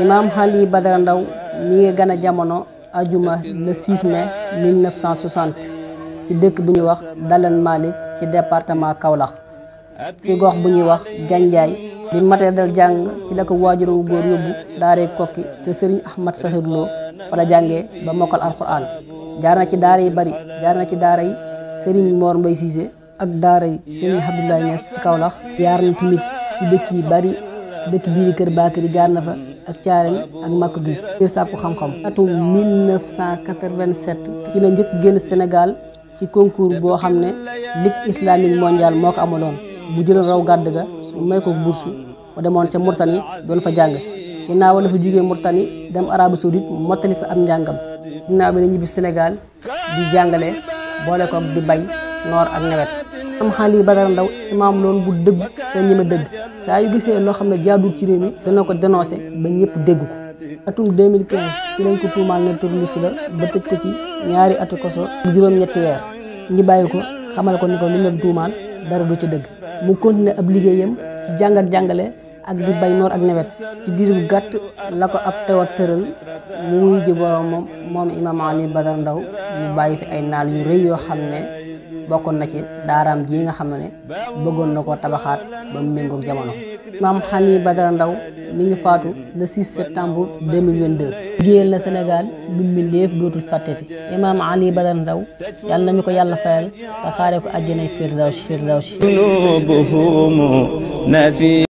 imaam Xali Badara Ndaw mi ngi gën a jamono ajuma le 6 mai 1960 ci dëkk bu ñuy wax Dalan Malick ci departement Kaolack ci gox bu ñuy wax Gandiaay bi matee dal jàng ci la ko waajuram wu góor yóbbu daaree kokki te sëriñ Ahmad Saxir Lo fa la jàngee ba mokkal alxuraan jaar na ci daara yi bari jaar na ci daara yi sëriñ Mor Mbay Siise ak daara yi sëriñ Abdoulaye Niass ci Kaolack jaar na tamit ci dëkk yi bari dëkk bii di Kër Bakary jaar na fa ak Thiarène ak Maka Guy ngir sàkku xam-xam atum 1987 ci la njëkk génn Sénégal ci concours boo xam ne ligue islamique mondiale moo ko amaloon mu jëloon raw gàdd ga may ko bourse mu demoon ca Murtani doon fa jàng ginnaaw la fa jógee Murtani dem Arabie Saoudite mottali fa am njàngam ginnaaw bi la ñibbi Sénégal di jàngale boole ko di bay noor ak nawet am xaali Badara Ndaw imaam loon bu dëgg te ñeme dëgg saa yu gisee loo xam ne jaadul ci réew mi dana ko dénoncé ba ñëpp dégg ko atum 2015 ci lañ ko tuumaal ne terroriste la ba ñaari atu koso bu weer ñi bàyyi ko xamal ko ni ko li leen tuumaal dara du ci dëgg mu continué ab liggéeyam ci jàngat jàngale ak di bay noor ak nawet ci diir bu gàtt la ko ab tewat tëral mu wuy ji moom moom imaam Ali Badara Ndaw mu bàyyi fi ay naal yu rëy yoo xam ne bokkoon na ci daaraam ji nga xam ne bëggoon na koo tabaxaat ba mu méngoog jamono. maam Xani Badara Ndaw mi ngi faatu le 6 septembre 2022. liggéeyal na Sénégal lu mbindeef dootul fàtteti. imaam Ali Badara Ndaw yàlla nañu ko yàlla fayal te xaaree ko àjjanay firdaws firdaws